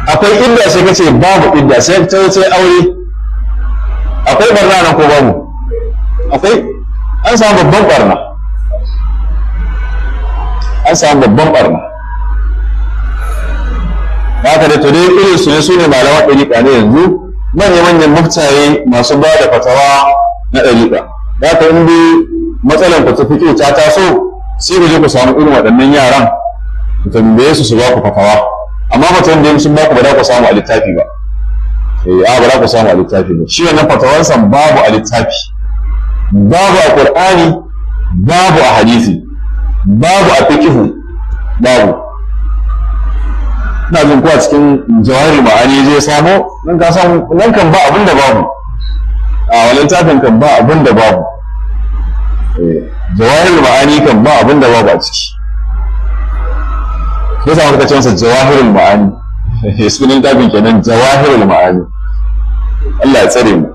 C: akwai inda sai ka ce babu inda sai ta sai aure akwai barna nan ko babu akwai an samu babban barna an samu babban barna ba ka da to dai irin su ne su ne malaman ɗariƙa ne yanzu manya-manyan muftaye masu ba da fatawa na ɗariƙa ba ka in bi matsalan ku ta fiƙe ta taso sai ku je ku samu irin waɗannan yaran ku tambaye su su ba ku fatawa amma fatan da sun ba ku ba za ku samu a littafi ba eh a ba za ku samu a littafi ba shi wannan san babu a littafi babu a qur'ani babu a hadisi babu a fiqhu babu ina jin kuwa cikin jawahir ma'ani zai samo nan ka san nan kan ba abin da babu a wannan tafin kan ba abin da babu eh, jawahir ma'ani kan ba abin da babu a ciki Yasa wata ka ce jawahirul ma'ani sunan dabin kenan jawahirul ma'ani Allah ya tsare mu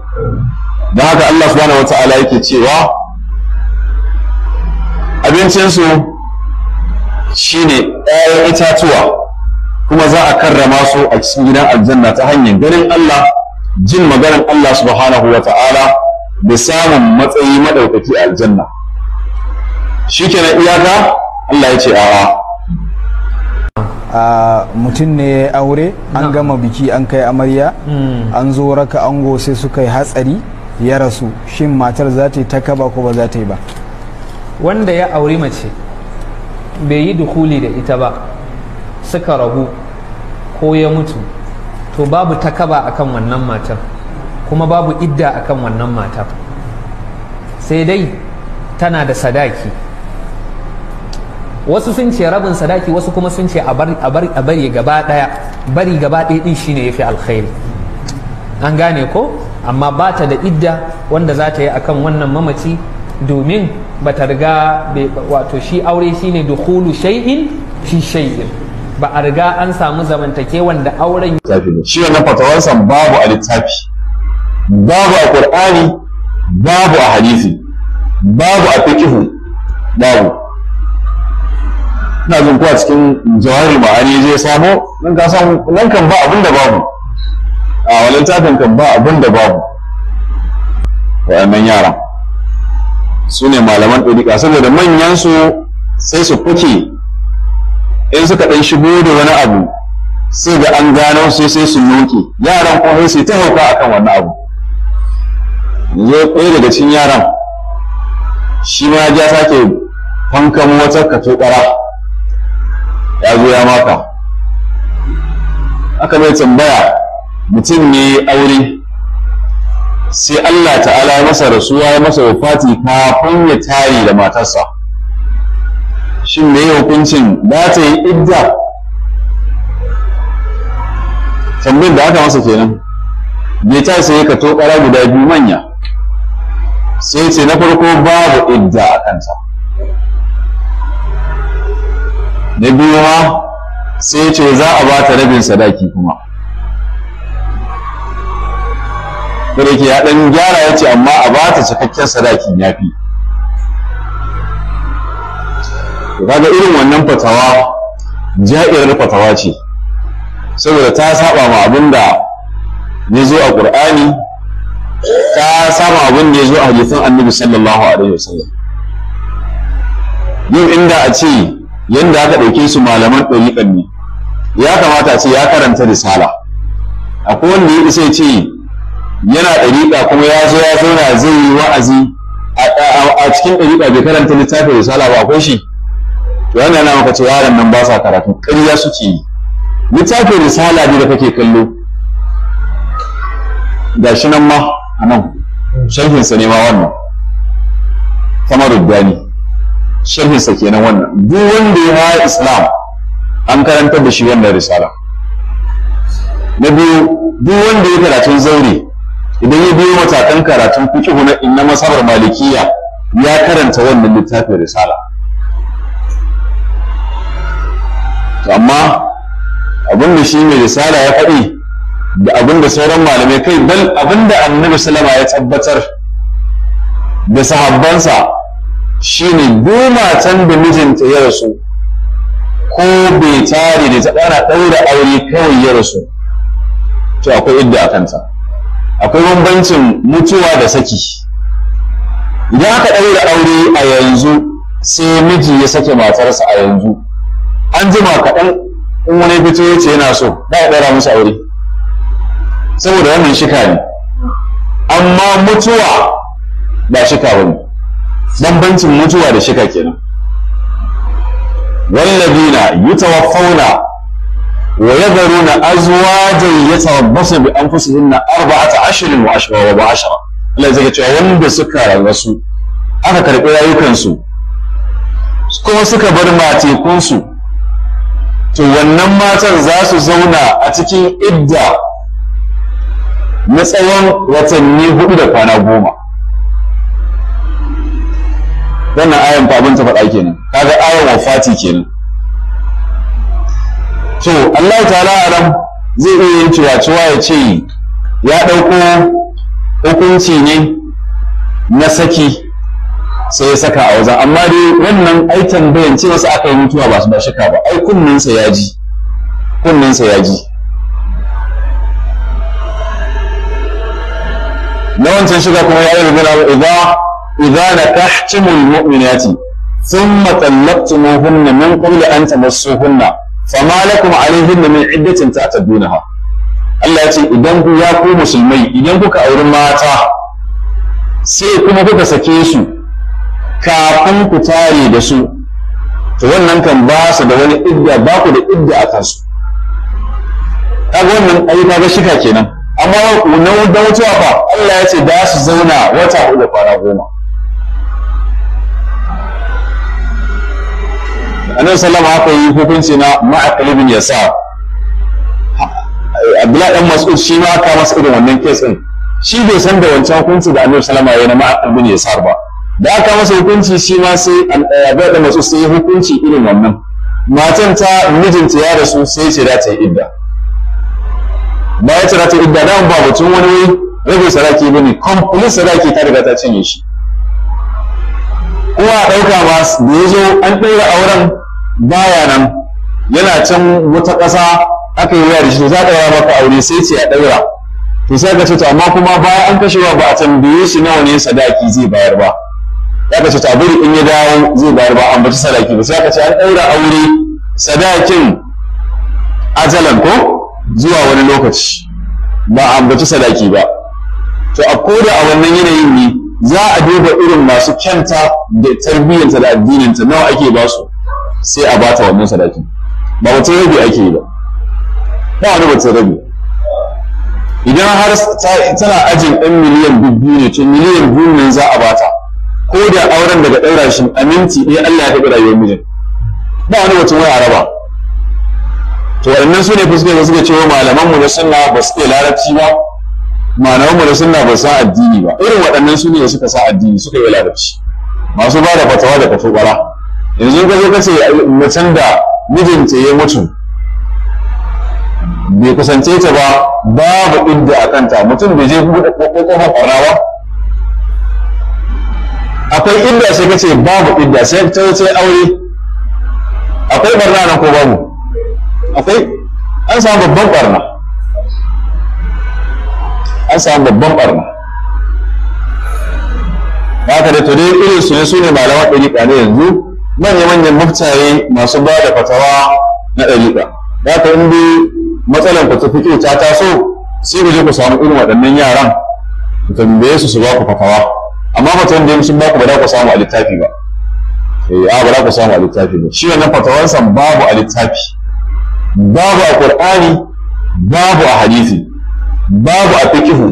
C: don haka Allah subhanahu wata'ala yake cewa abincinsu shine ƴaƴan itatuwa kuma za a karrama su a cikin gidan aljanna ta hanyar ganin Allah jin maganar Allah subhanahu wata'ala da samun matsayi madaukaki a aljanna shikenan iyaka Allah ya ce a'a
A: mutum ne ya aure an gama biki an kai amarya hmm. an zo raka ango sai suka yi hatsari ya rasu shin matar za ta yi ta kaba ko ba za ta yi ba
B: wanda ya auri mace bai yi dukuli da ita ba suka rabu ko ya mutu to babu takaba akan wannan matar kuma babu idda akan wannan matar sai dai tana da sadaki wasu sun ce rabin sadaki wasu kuma sun ce a bari gaba ɗaya bari gaba ɗaya ɗin shine yafi alkhairi an gane ko amma ba ta da idda wanda za ta yi akan wannan mamaci domin ba ta riga wato shi aure shine dukhulu shay'in fi shay'in ba a riga an samu zamantake wanda auren
C: shi wannan fatawarsa babu a littafi babu a qur'ani babu a hadisi babu a fiqhu babu ina jin kuwa cikin jawahir ma'ani je samo nan ka san nan kan ba abin da babu a walin tafin kan ba abin da babu wa'annan yaran su ne malaman ɗariƙa saboda manyan su sai su fuke in suka ɗan shigo da wani abu sai ga an gano sai sai su nuke yaran kuma sai ta hauka akan wani abu yanzu ɗaya daga cikin yaran shi ma ya sake fankan wata ƙara ya zo ya maka aka mai tambaya mutum ne aure sai Allah ta'ala ya masa rasuwa ya masa wafati kafin ya tare da matarsa shin me hukuncin za ta yi idda Tambayin da aka masa kenan bai ta sai ka to guda biyu manya sai ce na farko babu idda a kansa na biyu ma sai ce za a ba ta rabin sadaki kuma kuma ke ya ɗan gyara ya ce amma a ba ta cikakken sadaki ya fi kaga irin wannan fatawa ja'irar fatawa ce saboda ta saba ma abin da ya zo a ƙur'ani ta saba abin da ya zo a hadisin annabi sallallahu alaihi wasallam yau inda a ce yanda aka ɗauke su malaman ɗariƙan ne ya kamata ce ya karanta risala akwai wanda ya isa ce yana ɗariƙa kuma ya zo ya zauna zai yi wa'azi a cikin ɗariƙa bai karanta littafin risala ba akwai shi to yana na maka cewa yaran nan ba sa karatu ƙarya suke yi littafin risala ne da kake kallo ga shi nan ma a nan sharhinsa ne ma wannan kamar rubani sharhinsa kenan wannan duk wanda ya haya islam an karantar da shi wannan risala na biyu duk wanda ya karatun zaure idan ya biyo matakan karatun fiqh na inna masabar malikiya ya karanta wannan littafin risala to amma abin da shi mai risala ya faɗi da abin da sauran malamai kai bal abin da annabi sallama ya tabbatar da sahabbansa shine duk matan da mijinta ya rasu ko bai tare da ta ɗana ɗaura aure kawai ya rasu to akwai idda a kanta akwai bambancin mutuwa da saki idan aka ɗaura aure a yanzu sai miji ya sake matarsa a yanzu an jima kaɗan in wani fito ya ce yana so ba ya ɗaura musu aure saboda wannan shika ne amma mutuwa ba shika ba bambancin mutuwa da shika kenan wallazina yutawaffawna wa yadharuna azwajan yatarabbasu bi anfusihinna arba'ata ashrin wa ashra wa ashra Allah zai cewa wanda suka rasu aka karɓi rayukansu kuma suka bar matekunsu to wannan matan za su zauna a cikin idda na tsawon watanni hudu da kwana goma wannan ayan fa abin ta faɗa kenan kaga ayan wafati kenan to Allah ta'ala alam zai iya yin ciwa cewa ya ce ya ɗauko hukunci ne na saki sai ya saka a wajen amma dai wannan ai tambayan ce wasu aka yi mutuwa ba su ba shaka ba ai kunninsa ya ji kunninsa ya ji na wancan shiga kuma ya yi rigina ba idza nakahtumul mu'minati thumma talaqtumuhunna min qabli an tamassuhunna fama lakum alayhinna min iddatin ta'tadunaha Allah ya ce idan ku ya musulmai idan kuka auri mata sai kuma kuka sake su kafin ku tare da su to wannan kan ba su da wani idda ba ku da idda a kansu kaga wannan ai kaga shika kenan amma wannan dawocewa fa Allah ya ce da su zauna wata uku da goma annabi sallama haka yi hukunci na ma'aqil ibn yasar abdullahi dan mas'ud shi ma aka masa irin wannan kes din shi bai san da wancan hukunci da annabi sallama ya na ma'aqil ibn yasar ba da aka masa hukunci shi ma sai ba da mas'ud sai hukunci irin wannan matan ta mijinta ya rasu sai ce za ta yi idda
A: ba ya ce ta idda dan ba mutum wani wai rabin sadaki bane complete sadaki ta riga ta cinye
C: shi kowa ɗauka ba da ya zo an ɗaura auren baya nan yana can wata ƙasa aka yi yari da shi za ka ɗaura ka aure sai ce a ɗaura to sai ka ce to amma kuma baya an kashewa ba a tambaye shi nawa ne sadaki zai bayar ba ya ka ce to abin in ya dawo zai bayar ba an baci sadaki ba sai ka ce an ɗaura aure sadakin ajalan ko zuwa wani lokaci ba a ambaci sadaki ba to a koda a wannan yanayin ne za a duba irin masu kyanta da tarbiyyanta da addininta nawa ake basu su sai a bata wannan sadaki ba mutum rabi ake yi ba ba wani mutum rabi idan har tana ajin ɗan miliyan dubu ne ce miliyan biyu ne za a bata ko da auren daga ɗaura shi aminci ɗaya Allah ya taɓa rayuwar mijin ba wani mutum wai a raba to waɗannan su ne da suke cewa malaman mu na sunna ba su iya larabci ba malaman mu na sunna ba sa addini ba irin waɗannan su ne suka sa addini suka yi larabci masu ba da fatawa da fatobara yanzu ka zo kace macen da mijinta ya mutu bai kusance ta ba babu inda a kanta mutum bai je buɗe kofar ƙauna ba akwai inda sai kace babu inda sai ta ce aure akwai barna nan ko babu akwai an samu babban barna an samu babban barna haka da to dai irin su ne su ne malaman ɗari ne yanzu manya-manyan muftaye masu ba da fatawa na ɗariƙa da ta in matsalan ku ta fito ta taso sai ku je ku samu irin waɗannan yaran ku tambaye su su ba ku fatawa amma ba inda su ba ku ba za ku samu a littafi ba eh a ba za ku samu a littafi ba shi wannan san babu a littafi babu a qur'ani babu a hadisi babu a fikihu,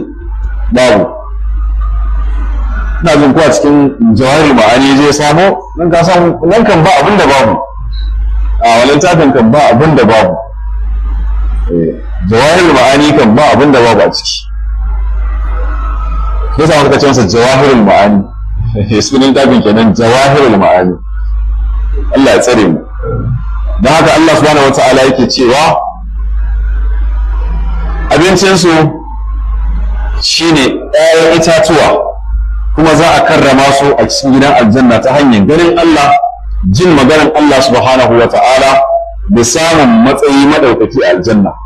C: babu ina jin kuwa cikin jawari ma'ani zai samo nan ka san nan kan ba abin da babu a wani tafin kan ba abin da babu eh, jawahir ma'ani kan ba abin da babu a ciki ya samu ka ce masa jawahirul ma'ani eh, sunan tafin kenan jawahirul ma'ani Allah ya tsare mu don haka Allah subhanahu wata'ala yake cewa abincinsu shine ɗayan itatuwa kuma za a karrama su a cikin gidan aljanna ta hanyar ganin Allah jin maganar Allah subhanahu wa ta'ala da samun matsayi madaukaki a aljanna